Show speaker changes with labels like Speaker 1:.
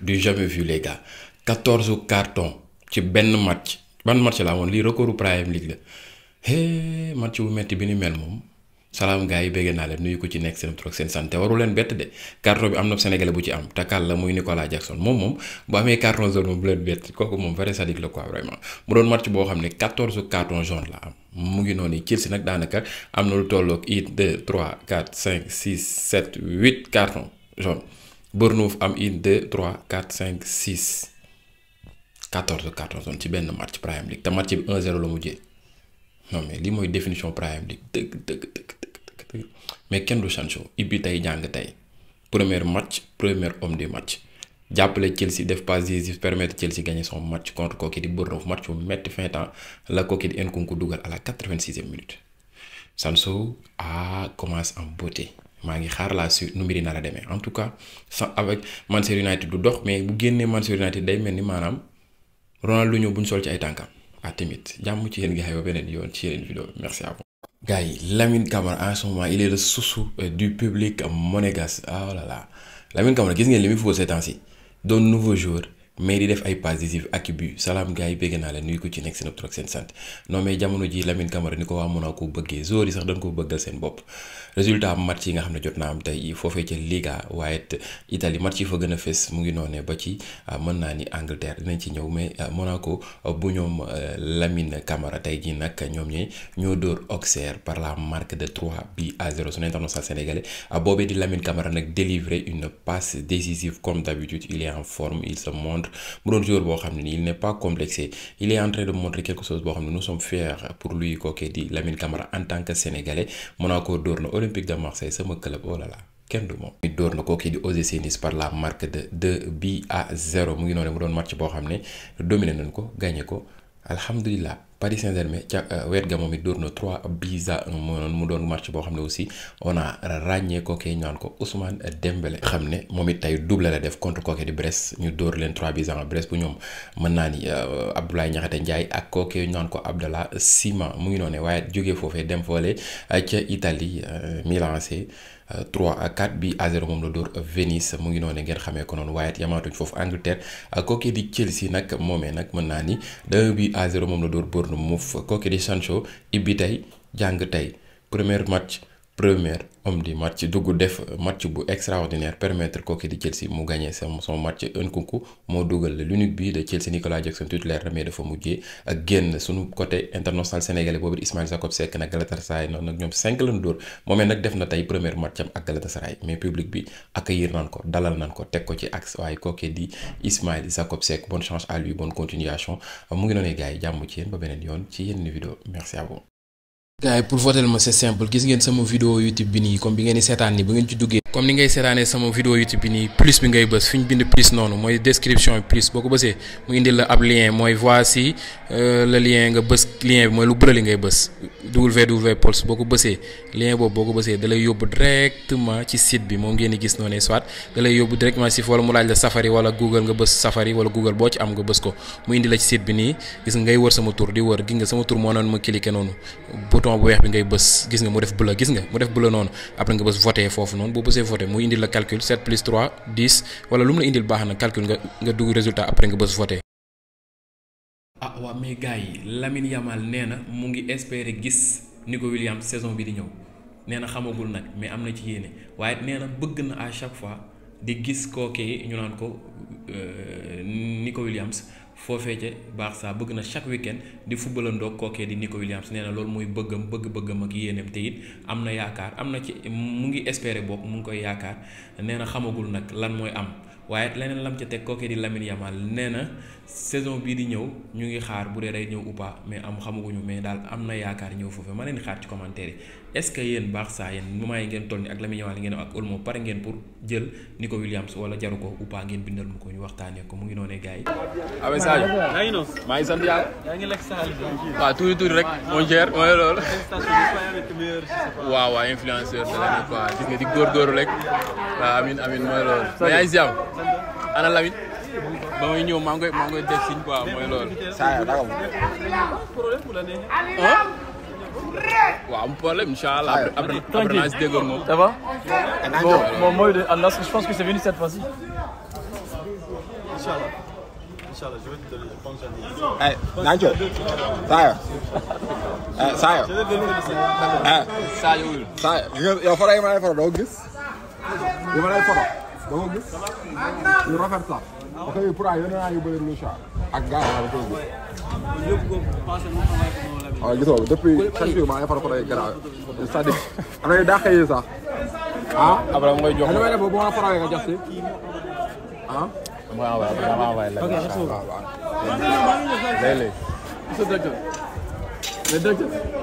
Speaker 1: du jamais vu les gars quatorze cartons ci benn match ban match laa woon lii recordu Premier League la hee match bu metti bi ni mel moom salaam gars yi béggee naa leen nuyu ko ci nekk seen trop seen santé waru leen bett de carton bi am na Sénégalais bu ci am takal la muy Nicolas Jackson moom moom bu amee carton jaune moom bu leen bett kooku moom vrai sadique la quoi vraiment mu doon match boo xam ne 14 carton jaune la am mu ngi noonu Chelsea nag daanaka am na lu tolloog 1 2 3 4 5 6 7 8 Bournemouth am une deux trois quatre cinq six quatorze quatorze woon ci benn match Premier League te match bi 1-0 la mujjee non mais lii mooy définition Premier League dëgg dëgg dëgg dëgg mais kenn du Sancho ibbi tey jàng tey premier match premier homme du match jàppale Chelsea def passe décisive permettre Chelsea gagner son match contre kooku di Bournemouth match bu metti fin temps la kooku di Nkunku dugal à la quatre-vingt-sixième minute Sancho a commencé en beauté. maa ngi xaar la suite nu mbiri nar a demee en tout cas sans avec Manchester United du dox mais bu génnee Manchester United day mel ni maanaam Ronaldinho buñ sol ci ay tànkam ah tamit jàmm ci yéen gars yi ba beneen yoon ci yeneen vidéo merci à vous. gars yi Lamine Camara en ce moment il le source euh, du public monégasque ah oh là là Lamine Camara gis ngeen li muy fubal ces doon nouveau joueur. mais di def ay positif ak i but salaam gars yi bégg naa leen nuyu ko ci nekk seen trop seen sant non mais jamono ji Lamine Camara ni ko waa Monaco bëggee joueurs sax dañ ko bëggal seen bopp résultat match yi nga xam ne jot naa am tey foofee ca Liga waaye it Italie match yi fa gën a fës mu ngi noonee ba ci ah, mën naa ni Angleterre dinañ ci ñëw mais ah, Monaco ah, bu ñoom Lamine Camara tey jii nag ñoom ñi ñoo dóor Auxerre par la marque de 3 buts à 0 son international sénégalais boobee di Lamine Camara nag délivrer une passe décisive comme d'habitude il est en forme il se contre mu doon joueur boo xam ne nii il n'est pas complexé il est en train de quelque chose boo xam ne nous sommes fiers pour lui kookee di Lamine Camara en tant que sénégalais Monaco dóor na Olympique de Marseille sama club oh là kenn du moom mi ko kii di OGC Nice par la marque de 2 mu ngi noonu doon match boo xam ne dominé nañ ko gagné ko alhamdulilah Paris Saint-Germain ca euh, wet ga moom it dóor na 3 buts à mu doon match boo xam ne aussi on a ràññee kookee ñaan ko Ousmane dembale xam ne moom it tey double la def contre kookee di Brest ñu dóor leen 3 buts à bu ñoom mën naa ni euh, Abdoulaye Niakhate Ndiaye ak kookee ñaan ko Abdallah Sima mu ngi noonu waaye jógee foofee dem foole euh, ca Italie Milan trois a 4 bi à moom la dóor Venise mu ngi noonu ngeen xamee ko noonu waaye it yamaatuñ foofu Angleterre kooku di Chelsea nag moomee nag mën naa ni 2 bi à moom la dóor Bournemouth kooku di Sancho ibbi tey jàng tey première match. premier homme du match dugg def euh, match bu extraordinaire permettre kooki di Chelsea mu gagné son son match Nkunku moo dugal l'unique but de Chelsea Nicolas Jackson titulaire la mais dafa mujjee ak génn suñu côté international sénégalais boobu di Ismail Jakobs Seck nag Galatasaray noonu nag ñoom 5 lañu dóor moomee nag def na tey premier match am ak Galatasaray mais public bi accueillir naan ko dalal naan ko teg ko ci ak waaye kooki di Ismail Jakobs Seck bonne chance à lui bonne continuation mu ngi noonu gars yi jàmm ci yéen ba beneen yoon ci yenn vidéo merci gars yi pour voter ma c'est simple gis ngeen sama vidéo YouTube bi nii comme bi ngeen di seetaan nii bu ngeen ci duggee. comme ni ngay seetaanee sama vidéo YouTube bi nii plus bi ngay bës fi ñu bind plus noonu mooy description boo ko bësee mu indi la ab lien mooy voici euh, nga bës lien bi mooy lu li ngay bës www pulse boo ko bësee lien boobu boo ko bësee da lay yóbbu directement ci site bi moom ngeen gis noonu soit da lay yóbbu directement si wala mu laaj la Safari wala Google nga bës Safari wala Google boo ci am nga bës ko mu indi la ci site bi nii gis nga ngay wër sama tur di wër gis nga sama tur moo noonu ma cliqué noonu bouton bu weex bi ngay bës gis nga mu def bleu gis nga mu def bleu noonu après nga bës voté foofu noonu bësee voté muy indil la calcul 7 plus 3 10 wala lu mu la indil baax na calcul nga nga dugg résultat après nga bës voté. ah waa mais gars yi Lamine Yamal nee mu ngi espérer gis Nico Williams saison bi di ñëw nee na xamagul nag mais am na ci yéene waaye nee na bëgg na à chaque fois di gis kooku ñu naan ko. Euh, Nico Williams foofee ca saa bëgg na chaque week-end di fubalandoo kookee di Nico Williams nee na loolu mooy bëggam bëgg-bëggam ak yéeneem te am na yaakaar am na ci mu ngi espérer bokk mu ngi koy yaakaar nee na xamagul nag lan mooy am. waaye leneen lam ca teg kooke di Lamine Yamal nee na saison bii di ñëw ñu ngi xaar bu dee day ñëw ou pas mais am xamaguñu mais daal am na yaakaar ñëw foofu ma leen xaar ci commentaire yi est-ce que yéen baax saa yéen moment yi ngeen toll ni ak Lamine Yamal ngeen ak Olmo pare ngeen pour jël Nico Williams wala jaru ko ou pas ngeen bindal mu ko ñu waxtaanee ko mu ngi noonee gars Abe Sadio maa ngi sa xaalis waaw tuuti tuuti rek. on gère mooy loolu. waaw waaw influenceur. waaw di góorgóorlu rek. waaw amin amin ana Lamine ba may ñëw maa ngi koy maa ngi koy def siñ quoi mooy loolu. saa yoo dara waaw am problème incha allah après après naa si déggoon moom. ça va bon bon mooy de Allah je pense que c'est venu cette fois-ci. incha allah incha allah je vais te donner eh, je pense que. Eh. ay Nacho Saayo. ah Saayo. ah Saayo. Saayo yow photo yi ma lay photo doo gis. yi ma lay photo. da koo gis lu rafet sax parce que pour ay yeneen ay yu bëri Moussa ak gars yi da koo gis. waaw ah, gisoo depuis chaque jour maa ngi faral ko ay garaaw c'est-à-dire am na yu dàqee yi sax
Speaker 2: ah. après mu koy jox damay def ba
Speaker 1: ma faral nga jox si ah. mooy envoyé après ma envoyé la. ok merci beaucoup léeg-léeg. monsieur directeur. mais directeur.